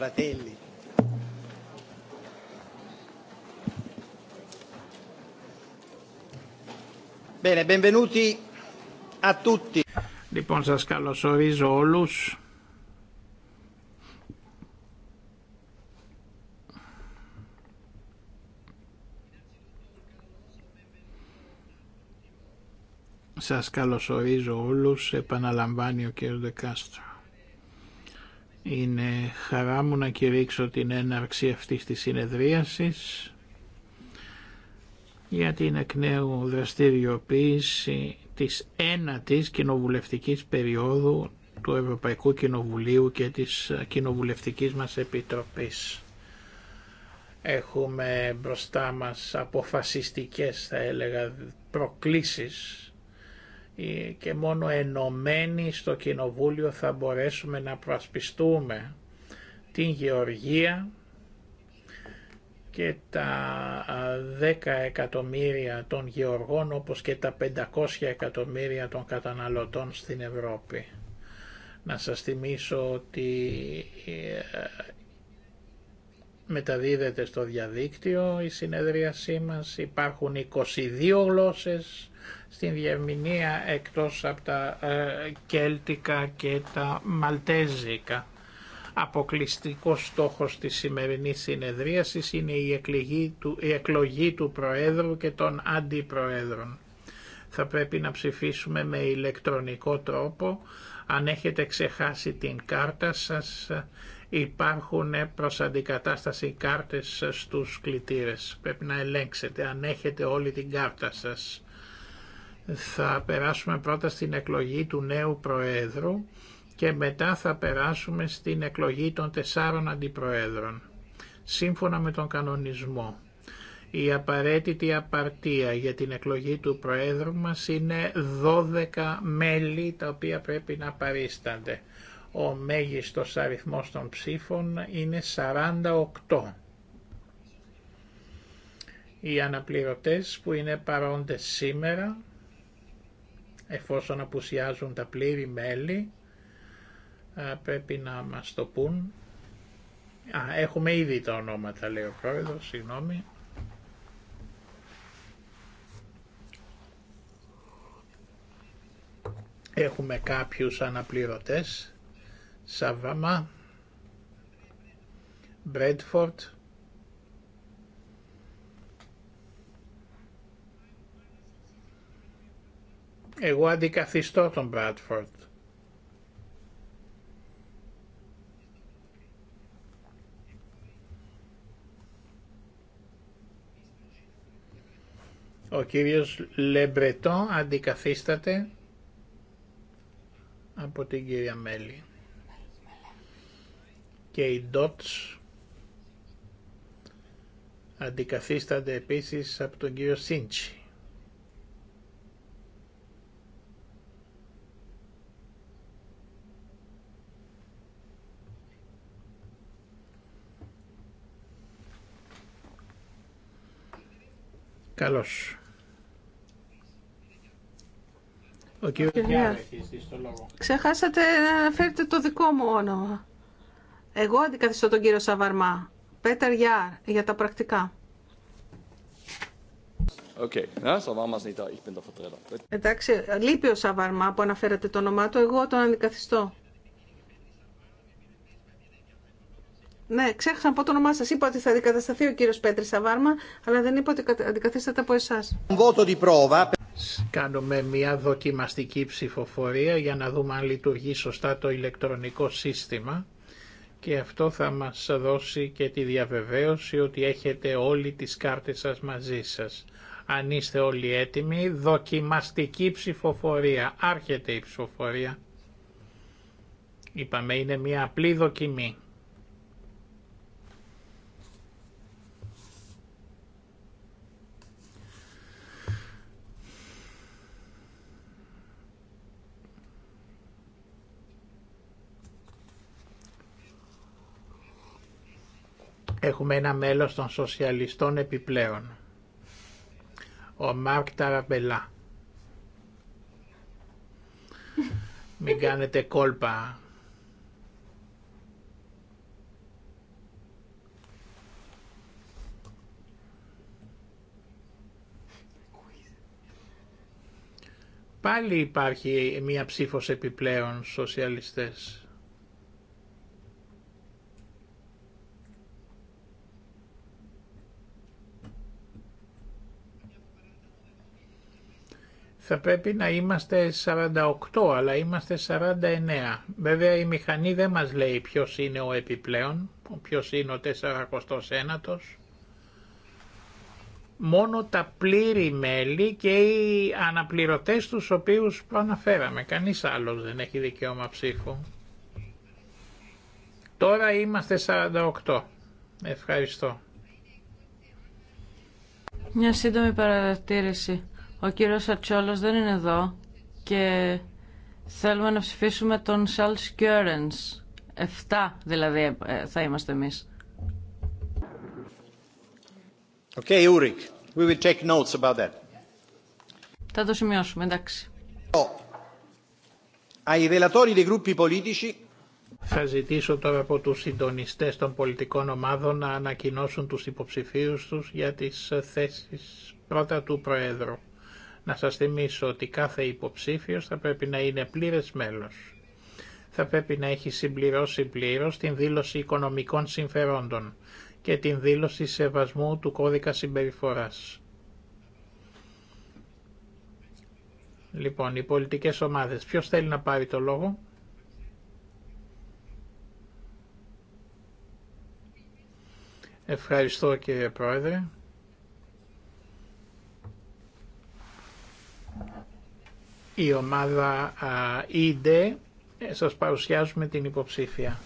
fratelli. Bene, benvenuti a tutti. Λοιπόν, σας καλωσορίζω όλους. Σας καλωσορίζω όλους, επαναλαμβάνει ο κ. Δεκάστρο. Είναι χαρά μου να κηρύξω την έναρξη αυτής της συνεδρίασης για την εκ νέου δραστηριοποίηση της ένατης κοινοβουλευτικής περίοδου του Ευρωπαϊκού Κοινοβουλίου και της Κοινοβουλευτικής μας Επιτροπής. Έχουμε μπροστά μας αποφασιστικές θα έλεγα προκλήσεις ε, και μόνο ενωμένοι στο Κοινοβούλιο θα μπορέσουμε να προασπιστούμε την γεωργία και τα 10 εκατομμύρια των γεωργών όπως και τα 500 εκατομμύρια των καταναλωτών στην Ευρώπη. Να σας θυμίσω ότι ε, μεταδίδεται στο διαδίκτυο η συνεδρίασή μας, υπάρχουν 22 γλώσσες στην διερμηνία εκτός από τα ε, κέλτικα και τα μαλτέζικα. Αποκλειστικό στόχος της σημερινής συνεδρίασης είναι η εκλογή του, η εκλογή του Προέδρου και των Αντιπροέδρων. Θα πρέπει να ψηφίσουμε με ηλεκτρονικό τρόπο. Αν έχετε ξεχάσει την κάρτα σας, υπάρχουν προς αντικατάσταση κάρτες στους κλητήρες. Πρέπει να ελέγξετε αν έχετε όλη την κάρτα σας θα περάσουμε πρώτα στην εκλογή του νέου Προέδρου και μετά θα περάσουμε στην εκλογή των τεσσάρων αντιπροέδρων, σύμφωνα με τον κανονισμό. Η απαραίτητη απαρτία για την εκλογή του Προέδρου μας είναι 12 μέλη τα οποία πρέπει να παρίστανται. Ο μέγιστος αριθμός των ψήφων είναι 48. Οι αναπληρωτές που είναι παρόντες σήμερα εφόσον απουσιάζουν τα πλήρη μέλη πρέπει να μας το πούν. Α, έχουμε ήδη τα ονόματα λέει ο πρόεδρος, συγγνώμη. Έχουμε κάποιους αναπληρωτές. Σαββαμά, Μπρέντφορτ, Εγώ αντικαθιστώ τον Μπράτφορντ. Ο κύριος Λεμπρετό αντικαθίσταται από την κυρία Μέλη. Και οι Ντότς αντικαθίστανται επίσης από τον κύριο Σίντσι. Καλώς. Ο Ξεχάσατε να αναφέρετε το δικό μου όνομα. Εγώ αντικαθιστώ τον κύριο Σαβαρμά. Πέτερ Γιάρ, για τα πρακτικά. Okay. Εντάξει, λείπει ο Σαβαρμά που αναφέρατε το όνομά του, εγώ τον αντικαθιστώ. Ναι, ξέχασα να πω το όνομά σα. Είπα ότι θα αντικατασταθεί ο κύριο Πέτρη Σαβάρμα, αλλά δεν είπα ότι αντικαθίσταται από εσά. Κάνουμε μια δοκιμαστική ψηφοφορία για να δούμε αν λειτουργεί σωστά το ηλεκτρονικό σύστημα και αυτό θα μας δώσει και τη διαβεβαίωση ότι έχετε όλοι τις κάρτες σας μαζί σας. Αν είστε όλοι έτοιμοι, δοκιμαστική ψηφοφορία. Άρχεται η ψηφοφορία. Είπαμε είναι μια απλή δοκιμή. Έχουμε ένα μέλος των σοσιαλιστών επιπλέον. Ο Μάρκ Ταραμπελά. Μην κάνετε κόλπα. Πάλι υπάρχει μία ψήφος επιπλέον σοσιαλιστές. θα πρέπει να είμαστε 48 αλλά είμαστε 49. Βέβαια η μηχανή δεν μας λέει ποιος είναι ο επιπλέον, ποιος είναι ο 49ος. Μόνο τα πλήρη μέλη και οι αναπληρωτές τους οποίους προαναφέραμε. Κανείς άλλος δεν έχει δικαίωμα ψήφου. Τώρα είμαστε 48. Ευχαριστώ. Μια σύντομη παρατήρηση. Ο κύριος Ατσόλος δεν είναι εδώ και θέλουμε να ψηφίσουμε τον Σαλς Κιόρενς. Εφτά δηλαδή ε, θα είμαστε εμείς. Okay, We will take notes about that. Θα το σημειώσουμε, εντάξει. Oh. Ai relatori dei gruppi politici θα ζητήσω τώρα από τους συντονιστές των πολιτικών ομάδων να ανακοινώσουν τους υποψηφίους τους για τις θέσεις πρώτα του Προέδρου. Να σας θυμίσω ότι κάθε υποψήφιος θα πρέπει να είναι πλήρες μέλος. Θα πρέπει να έχει συμπληρώσει πλήρως την δήλωση οικονομικών συμφερόντων και την δήλωση σεβασμού του κώδικα συμπεριφοράς. Λοιπόν, οι πολιτικές ομάδες. Ποιος θέλει να πάρει το λόγο. Ευχαριστώ κύριε Πρόεδρε. η ομάδα ID Σας παρουσιάζουμε την υποψήφια.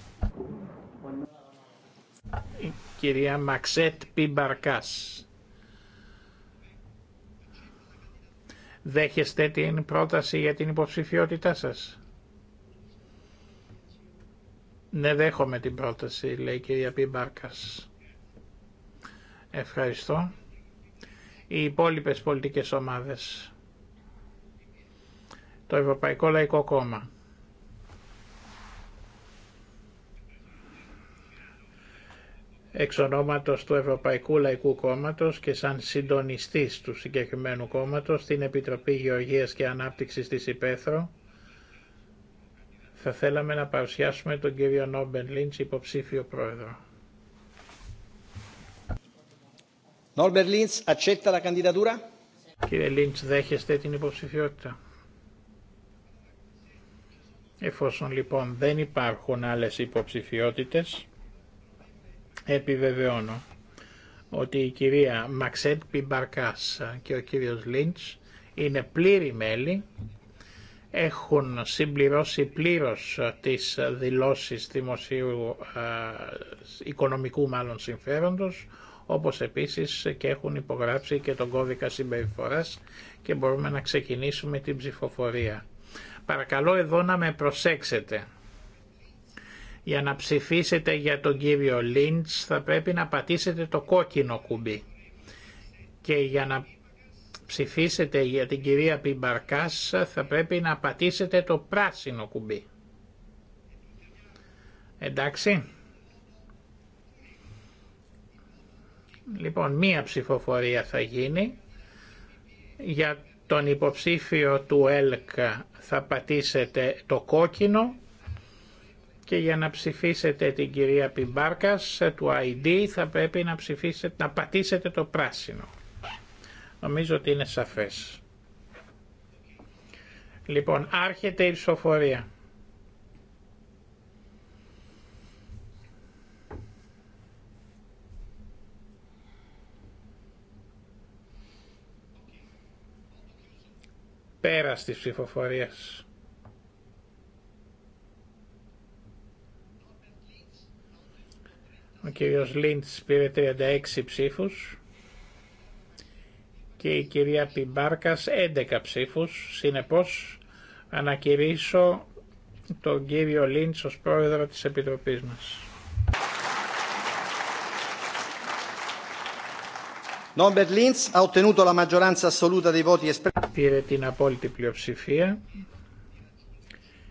Η κυρία Μαξέτ Πιμπαρκάς. Δέχεστε την πρόταση για την υποψηφιότητά σας. Ναι, δέχομαι την πρόταση, λέει η κυρία Πιμπάρκας. Ευχαριστώ. Οι υπόλοιπες πολιτικές ομάδες το Ευρωπαϊκό Λαϊκό Κόμμα. Εξ ονόματος του Ευρωπαϊκού Λαϊκού Κόμματος και σαν συντονιστής του συγκεκριμένου κόμματος στην Επιτροπή Γεωργίας και Ανάπτυξης της Υπέθρο θα θέλαμε να παρουσιάσουμε τον κύριο Νόμπεν Λίντς υποψήφιο πρόεδρο. accetta Κύριε Λίντς, δέχεστε την υποψηφιότητα. Εφόσον λοιπόν δεν υπάρχουν άλλες υποψηφιότητες, επιβεβαιώνω ότι η κυρία Μαξέντ Πιμπαρκάς και ο κύριος Λίντς είναι πλήρη μέλη, έχουν συμπληρώσει πλήρως τις δηλώσεις δημοσίου οικονομικού μάλλον συμφέροντος, όπως επίσης και έχουν υπογράψει και τον κώδικα συμπεριφοράς και μπορούμε να ξεκινήσουμε την ψηφοφορία. Παρακαλώ εδώ να με προσέξετε. Για να ψηφίσετε για τον κύριο Λίντς θα πρέπει να πατήσετε το κόκκινο κουμπί. Και για να ψηφίσετε για την κυρία Πιμπαρκάς θα πρέπει να πατήσετε το πράσινο κουμπί. Εντάξει. Λοιπόν, μία ψηφοφορία θα γίνει για τον υποψήφιο του ΕΛΚ θα πατήσετε το κόκκινο και για να ψηφίσετε την κυρία Πιμπάρκας του ID θα πρέπει να, ψηφίσετε, να πατήσετε το πράσινο. Νομίζω ότι είναι σαφές. Λοιπόν, άρχεται η ψηφοφορία. Πέρα τη ψηφοφορία. Ο κύριος Λίντς πήρε 36 ψήφους και η κυρία Πιμπάρκας 11 ψήφους. Συνεπώς ανακηρύσω τον κύριο Λίντς ως πρόεδρο της Επιτροπής μας. Πήρε την απόλυτη πλειοψηφία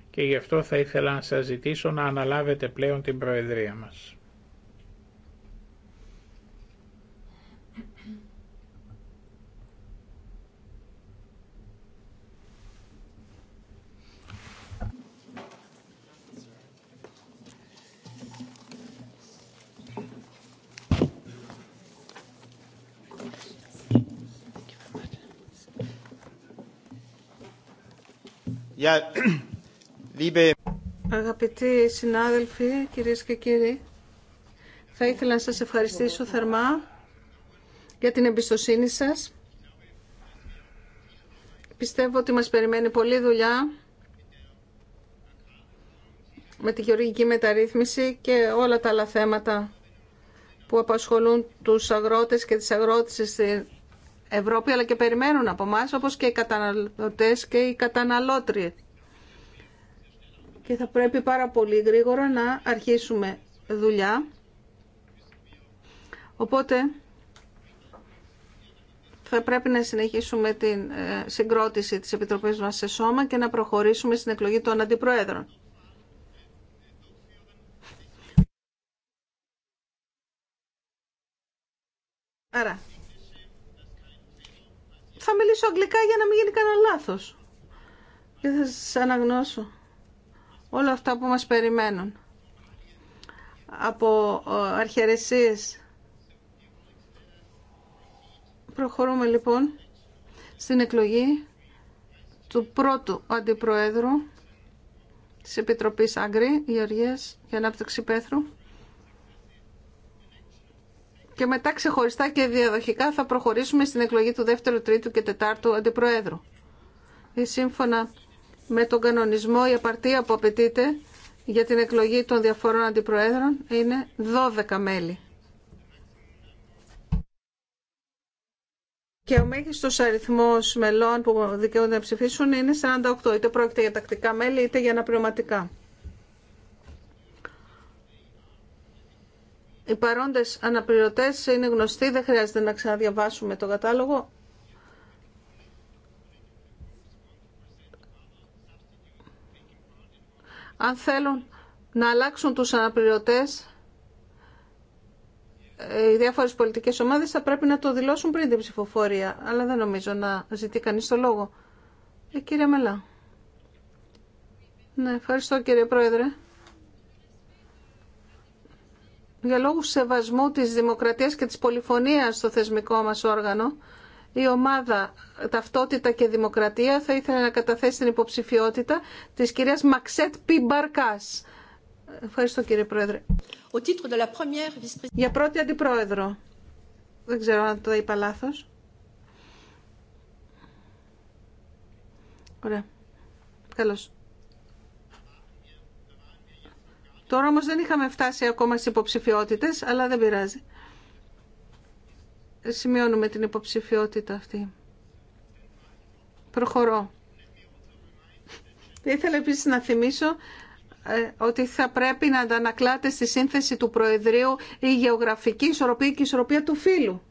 και γι' αυτό θα ήθελα να σας ζητήσω να αναλάβετε πλέον την Προεδρία μας. Αγαπητοί συνάδελφοι, κυρίες και κύριοι, θα ήθελα να σας ευχαριστήσω θερμά για την εμπιστοσύνη σας. Πιστεύω ότι μας περιμένει πολλή δουλειά με τη γεωργική μεταρρύθμιση και όλα τα άλλα θέματα που απασχολούν τους αγρότες και τις αγρότησες Ευρώπη, αλλά και περιμένουν από εμά, όπως και οι καταναλωτές και οι καταναλώτριοι. Και θα πρέπει πάρα πολύ γρήγορα να αρχίσουμε δουλειά. Οπότε θα πρέπει να συνεχίσουμε την ε, συγκρότηση της Επιτροπής μας σε σώμα και να προχωρήσουμε στην εκλογή των αντιπροέδρων. Άρα, θα μιλήσω αγγλικά για να μην γίνει κανένα λάθο. Και θα σα αναγνώσω όλα αυτά που μας περιμένουν. Από ε, αρχαιρεσίε. Προχωρούμε λοιπόν στην εκλογή του πρώτου αντιπροέδρου της Επιτροπής Άγκρη, Γεωργίας και Ανάπτυξη Πέθρου και μετά ξεχωριστά και διαδοχικά θα προχωρήσουμε στην εκλογή του δεύτερου, τρίτου και τετάρτου αντιπροέδρου. Ε, σύμφωνα με τον κανονισμό η απαρτία που απαιτείται για την εκλογή των διαφορών αντιπροέδρων είναι 12 μέλη. Και ο μέγιστο αριθμό μελών που δικαιούνται να ψηφίσουν είναι 48, είτε πρόκειται για τακτικά μέλη είτε για αναπληρωματικά. οι παρόντες αναπληρωτές είναι γνωστοί, δεν χρειάζεται να ξαναδιαβάσουμε το κατάλογο. Αν θέλουν να αλλάξουν τους αναπληρωτές, ε, οι διάφορες πολιτικές ομάδες θα πρέπει να το δηλώσουν πριν την ψηφοφορία, αλλά δεν νομίζω να ζητεί κανείς το λόγο. Ε, κύριε Μελά. Ναι, ευχαριστώ κύριε Πρόεδρε για λόγους σεβασμού της δημοκρατίας και της πολυφωνίας στο θεσμικό μας όργανο, η ομάδα Ταυτότητα και Δημοκρατία θα ήθελε να καταθέσει την υποψηφιότητα της κυρίας Μαξέτ Πιμπαρκάς. Ευχαριστώ κύριε Πρόεδρε. Ο de la première... Για πρώτη αντιπρόεδρο. Δεν ξέρω αν το είπα λάθος. Ωραία. Καλώς. Τώρα όμως δεν είχαμε φτάσει ακόμα στις υποψηφιότητες, αλλά δεν πειράζει. Σημειώνουμε την υποψηφιότητα αυτή. Προχωρώ. Ήθελα επίσης να θυμίσω ε, ότι θα πρέπει να αντανακλάται στη σύνθεση του Προεδρείου η γεωγραφική ισορροπία και η ισορροπία του φύλου.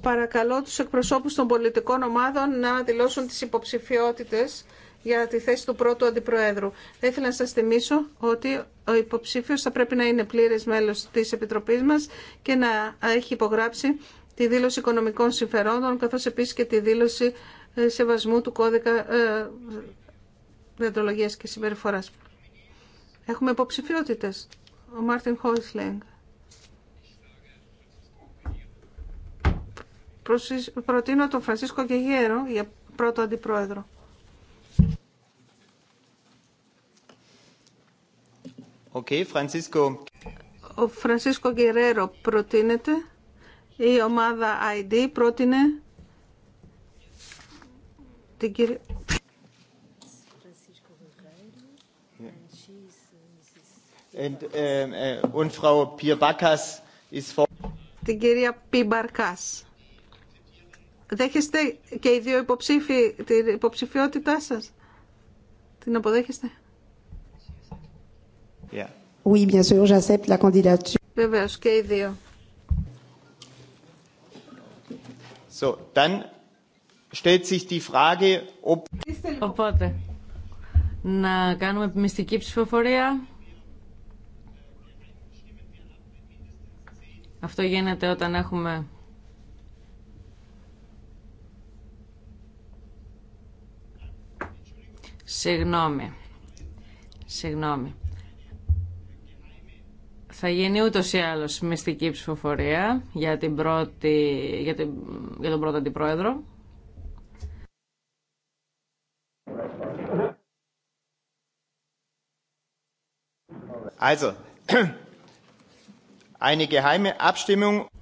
Παρακαλώ τους εκπροσώπους των πολιτικών ομάδων να δηλώσουν τις υποψηφιότητες για τη θέση του πρώτου αντιπροέδρου. Θα ήθελα να σας θυμίσω ότι ο υποψήφιος θα πρέπει να είναι πλήρες μέλος της Επιτροπής μας και να έχει υπογράψει τη δήλωση οικονομικών συμφερόντων, καθώς επίσης και τη δήλωση ε, σεβασμού του κώδικα ε, διοντολογίας και συμπεριφοράς. Έχουμε υποψηφιότητες. Ο Μάρτιν Χόισλεγκ. Προτείνω τον Φρανσίσκο Κεγέρο για πρώτο αντιπρόεδρο. Ο Φρανσίσκο Γκερέρο προτείνεται. Η ομάδα ID πρότεινε την κυρία... And, uh, uh, Την κυρία Πιμπαρκάς. Δέχεστε και οι δύο υποψήφοι την υποψηφιότητά σας. Την αποδέχεστε. Yeah. Oui, bien sûr, j'accepte la candidature. Βεβαίως και οι δύο. So, dann stellt sich die Frage, ob... Λοιπόν- Οπότε, να κάνουμε μυστική ψηφοφορία. Αυτό γίνεται όταν έχουμε Συγγνώμη. Συγγνώμη. Θα γίνει ούτω ή άλλω μυστική ψηφοφορία για, πρώτη, για, τον πρώτο αντιπρόεδρο.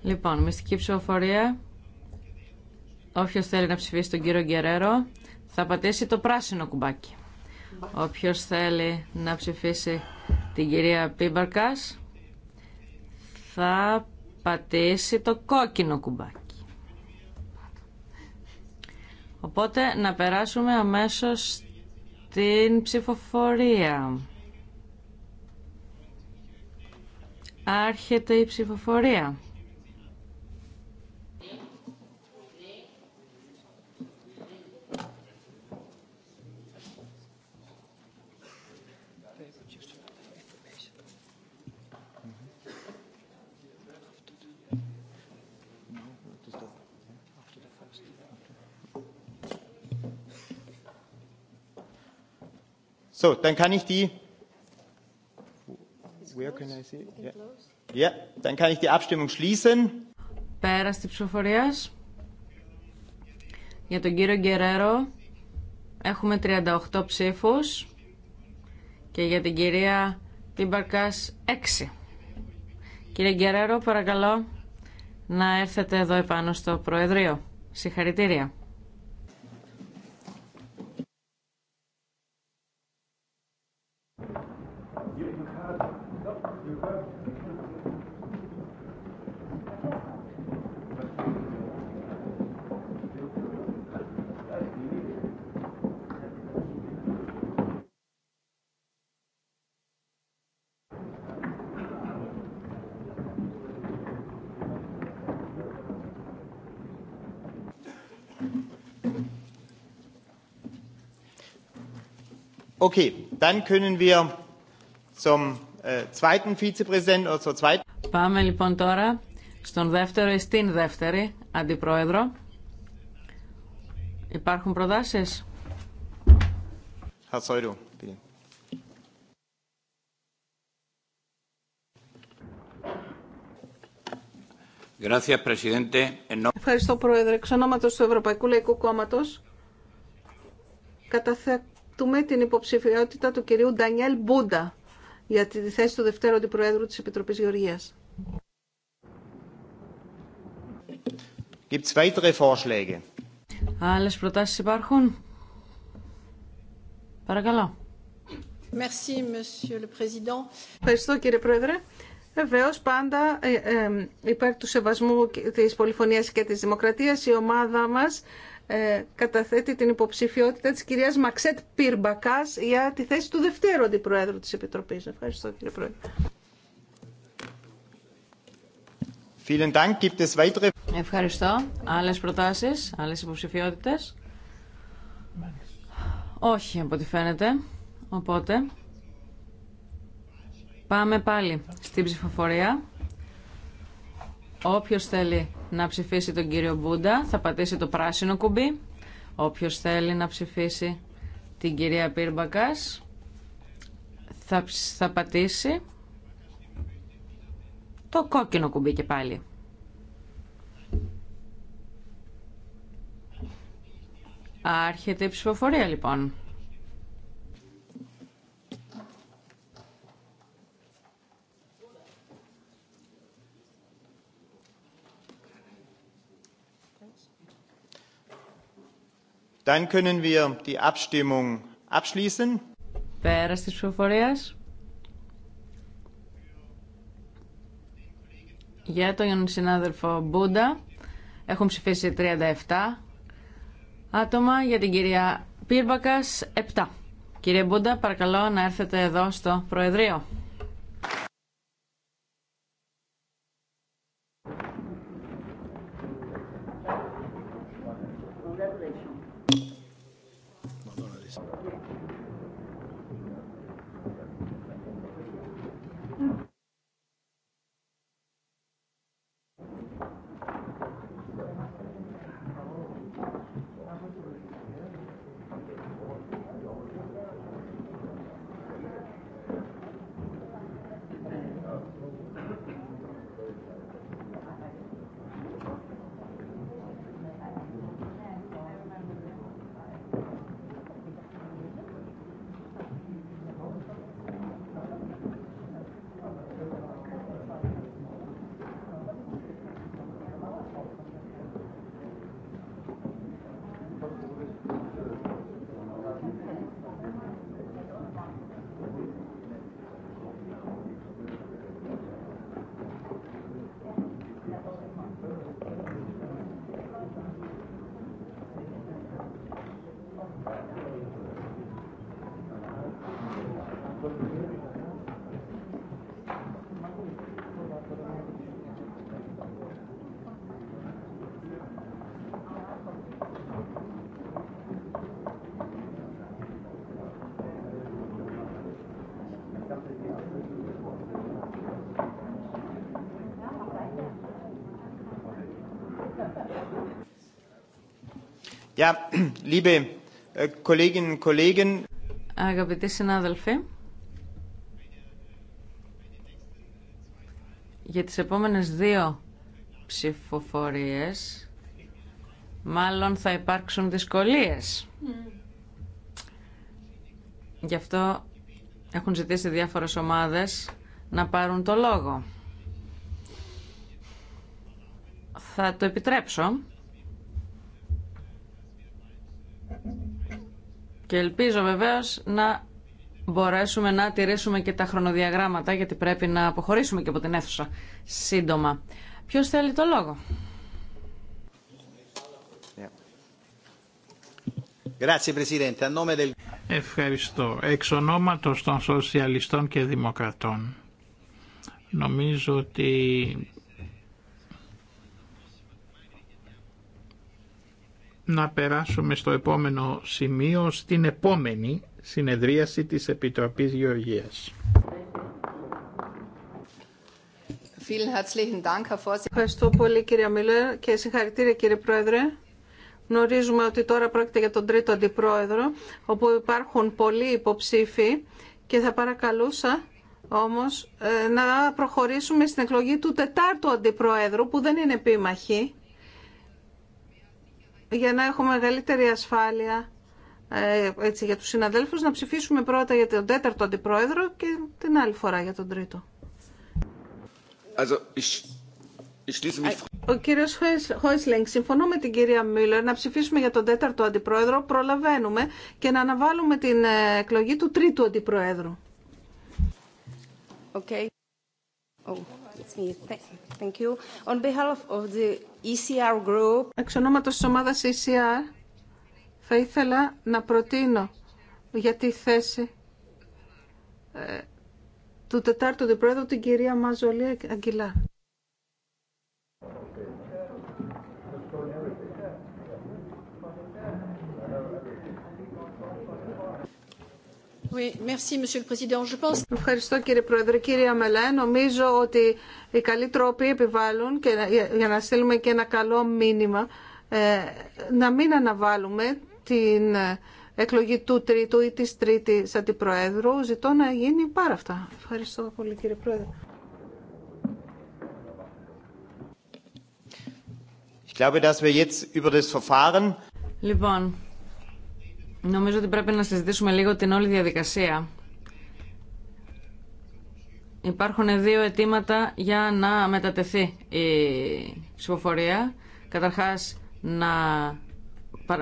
Λοιπόν, μυστική ψηφοφορία. Όποιο θέλει να ψηφίσει τον κύριο Γκερέρο θα πατήσει το πράσινο κουμπάκι. Όποιο θέλει να ψηφίσει την κυρία Πίμπαρκας θα πατήσει το κόκκινο κουμπάκι. Οπότε να περάσουμε αμέσως στην ψηφοφορία. Άρχεται η ψηφοφορία. So, dann kann ich die. Where can I see? Yeah. Yeah. Dann kann ich die Abstimmung schließen. Πέρα τη ψηφοφορία. Για τον κύριο Γκερέρο έχουμε 38 ψήφους και για την κυρία Τιμπαρκάς 6. Κύριε Γκερέρο, παρακαλώ να έρθετε εδώ επάνω στο Προεδρείο. Συγχαρητήρια. Πάμε λοιπόν τώρα στον δεύτερο ή στην δεύτερη αντιπρόεδρο. Υπάρχουν προτάσεις. Ευχαριστώ, Πρόεδρε. Εξ ονόματος του Ευρωπαϊκού Λαϊκού Κόμματος, καταθέτω Ευχαριστούμε την υποψηφιότητα του κυρίου Ντανιέλ Μπούντα για τη θέση του Δευτέρου Αντιπροέδρου της Επιτροπής Γεωργίας. Άλλε weitere Άλλες προτάσεις υπάρχουν? Παρακαλώ. Merci, Monsieur le Président. Ευχαριστώ κύριε Πρόεδρε. Βεβαίω, πάντα ε, ε, υπέρ του σεβασμού της πολυφωνίας και της δημοκρατίας η ομάδα μας ε, καταθέτει την υποψηφιότητα της κυρίας Μαξέτ Πυρμπακάς για τη θέση του δευτέρου αντιπροέδρου της Επιτροπής. Ευχαριστώ κύριε Πρόεδρε. Ευχαριστώ. Άλλες προτάσεις, άλλες υποψηφιότητες. Όχι, από ό,τι φαίνεται. Οπότε, πάμε πάλι στην ψηφοφορία. Όποιος θέλει να ψηφίσει τον κύριο Μπούντα θα πατήσει το πράσινο κουμπί. Όποιος θέλει να ψηφίσει την κυρία Πύρμπακας θα, θα πατήσει το κόκκινο κουμπί και πάλι. Άρχεται η ψηφοφορία λοιπόν. Dann können wir die Abstimmung abschließen. Πέρας της ψηφοφορίας. Για τον συνάδελφο Μπούντα έχουν ψηφίσει 37 άτομα, για την κυρία Πύρμπακας 7. Κύριε Μπούντα, παρακαλώ να έρθετε εδώ στο Προεδρείο. Äh, Αγαπητοί συνάδελφοι, για τις επόμενες δύο ψηφοφορίες μάλλον θα υπάρξουν δυσκολίες. Mm. Γι' αυτό έχουν ζητήσει διάφορες ομάδες να πάρουν το λόγο. Θα το επιτρέψω. Και ελπίζω βεβαίω να μπορέσουμε να τηρήσουμε και τα χρονοδιαγράμματα γιατί πρέπει να αποχωρήσουμε και από την αίθουσα σύντομα. Ποιο θέλει το λόγο. Ευχαριστώ. Εξ ονόματος των Σοσιαλιστών και Δημοκρατών. Νομίζω ότι να περάσουμε στο επόμενο σημείο, στην επόμενη συνεδρίαση της Επιτροπής Γεωργίας. Ευχαριστώ πολύ κύριε Μιλέρ και συγχαρητήρια κύριε Πρόεδρε. Γνωρίζουμε ότι τώρα πρόκειται για τον τρίτο αντιπρόεδρο, όπου υπάρχουν πολλοί υποψήφοι και θα παρακαλούσα όμως ε, να προχωρήσουμε στην εκλογή του τετάρτου αντιπρόεδρου, που δεν είναι επίμαχη για να έχουμε μεγαλύτερη ασφάλεια ε, έτσι, για τους συναδέλφους να ψηφίσουμε πρώτα για τον τέταρτο αντιπρόεδρο και την άλλη φορά για τον τρίτο. Ο κύριος Χόισλινγκ, συμφωνώ με την κυρία Μίλλερ να ψηφίσουμε για τον τέταρτο αντιπρόεδρο, προλαβαίνουμε και να αναβάλουμε την ε, εκλογή του τρίτου αντιπρόεδρου. Okay. Oh. It's me. Thank ECR e Εξ ονόματος της ομάδας ECR θα ήθελα να προτείνω για τη θέση ε, του τετάρτου διπρόεδρου την κυρία Μαζολία Αγγιλά. Ευχαριστώ κύριε Πρόεδρε. Κύριε Αμελέ, νομίζω ότι οι καλοί τρόποι επιβάλλουν για να στείλουμε και ένα καλό μήνυμα ε, να μην αναβάλουμε την ε, εκλογή του τρίτου ή της τρίτης αντιπροέδρου. Ζητώ να γίνει πάρα αυτά. Ευχαριστώ πολύ κύριε Πρόεδρε. Ich glaube, dass wir jetzt über das Verfahren Λοιπόν, Νομίζω ότι πρέπει να συζητήσουμε λίγο την όλη διαδικασία. Υπάρχουν δύο αιτήματα για να μετατεθεί η ψηφοφορία. Καταρχάς να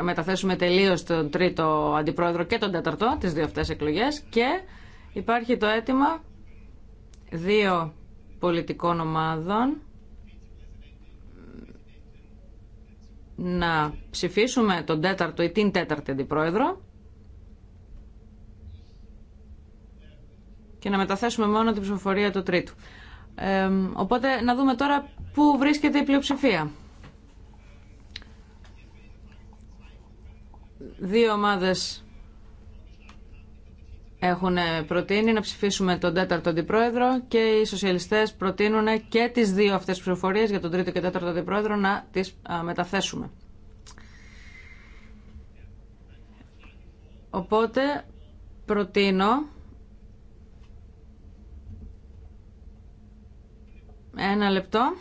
μεταθέσουμε τελείως τον τρίτο αντιπρόεδρο και τον τέταρτο, τις δύο αυτές εκλογές και υπάρχει το αίτημα δύο πολιτικών ομάδων να ψηφίσουμε τον τέταρτο ή την τέταρτη αντιπρόεδρο και να μεταθέσουμε μόνο την ψηφοφορία του τρίτου. οπότε να δούμε τώρα πού βρίσκεται η πλειοψηφία. Δύο ομάδες έχουν προτείνει να ψηφίσουμε τον τέταρτο αντιπρόεδρο και οι σοσιαλιστές προτείνουν και τις δύο αυτές τι πληροφορίε για τον τρίτο και τέταρτο αντιπρόεδρο να τις μεταθέσουμε. Οπότε προτείνω ένα λεπτό.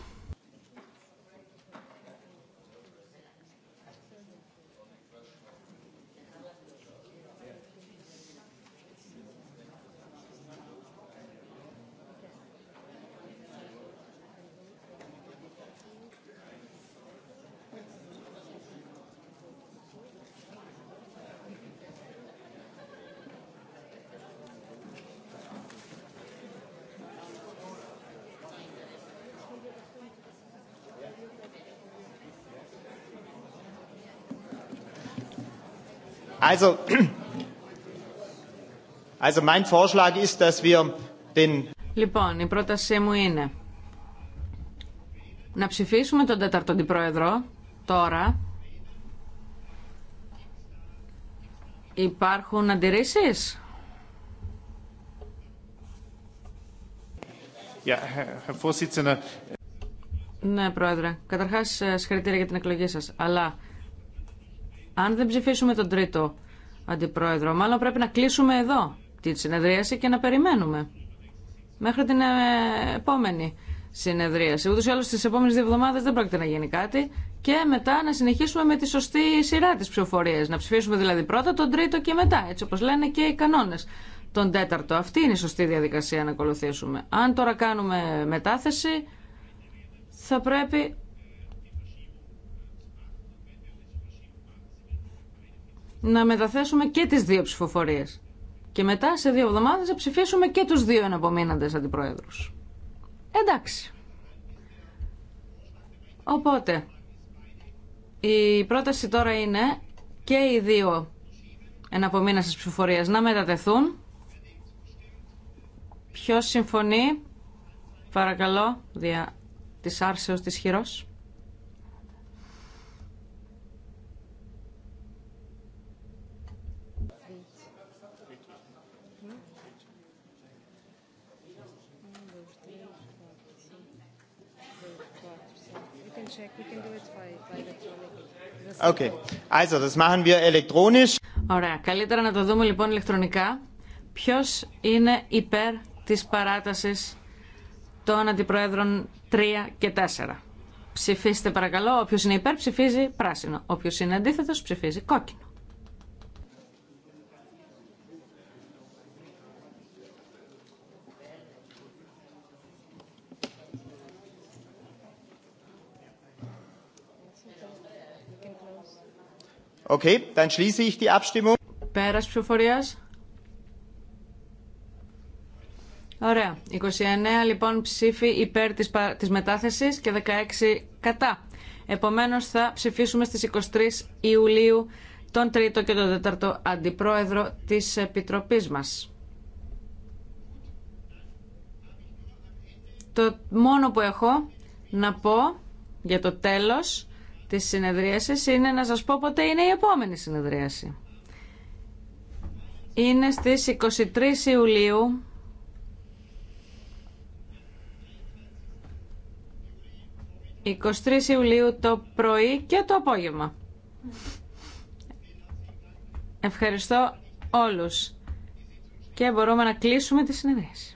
Λοιπόν, η πρότασή μου είναι να ψηφίσουμε τον τέταρτο πρόεδρο τώρα. Υπάρχουν αντιρρήσεις? Ναι, Πρόεδρε. Καταρχάς, ε, συγχαρητήρια για την εκλογή σας. Αλλά αν δεν ψηφίσουμε τον τρίτο αντιπρόεδρο, μάλλον πρέπει να κλείσουμε εδώ τη συνεδρίαση και να περιμένουμε μέχρι την ε, επόμενη συνεδρίαση. Ούτως ή άλλως στις επόμενες δύο εβδομάδες δεν πρόκειται να γίνει κάτι και μετά να συνεχίσουμε με τη σωστή σειρά της ψηφοφορίας. Να ψηφίσουμε δηλαδή πρώτα τον τρίτο και μετά, έτσι όπως λένε και οι κανόνες. Τον τέταρτο. Αυτή είναι η σωστή διαδικασία να ακολουθήσουμε. Αν τώρα κάνουμε μετάθεση, θα πρέπει να μεταθέσουμε και τις δύο ψηφοφορίες. Και μετά σε δύο εβδομάδες να ψηφίσουμε και τους δύο εναπομείναντες αντιπρόεδρους. Εντάξει. Οπότε, η πρόταση τώρα είναι και οι δύο εναπομείναντες ψηφοφορίες να μετατεθούν. Ποιος συμφωνεί, παρακαλώ, δια της άρσεως της χειρός. Okay. Ωραία. Καλύτερα να το δούμε λοιπόν ηλεκτρονικά. Ποιο είναι υπέρ τη παράταση των αντιπροέδρων 3 και 4. Ψηφίστε παρακαλώ. Όποιο είναι υπέρ ψηφίζει πράσινο. Όποιο είναι αντίθετο, ψηφίζει κόκκινο. Okay, dann schließe ich die Abstimmung. Ωραία. 29 λοιπόν ψήφοι υπέρ της, της μετάθεσης και 16 κατά. Επομένως θα ψηφίσουμε στις 23 Ιουλίου τον τρίτο και τον τέταρτο αντιπρόεδρο της Επιτροπής μας. Το μόνο που έχω να πω για το τέλος της συνεδρίασης είναι να σας πω πότε είναι η επόμενη συνεδρίαση. Είναι στις 23 Ιουλίου ...23 Ιουλίου το πρωί και το απόγευμα. Ευχαριστώ όλους. Και μπορούμε να κλείσουμε τη συνεδρίαση.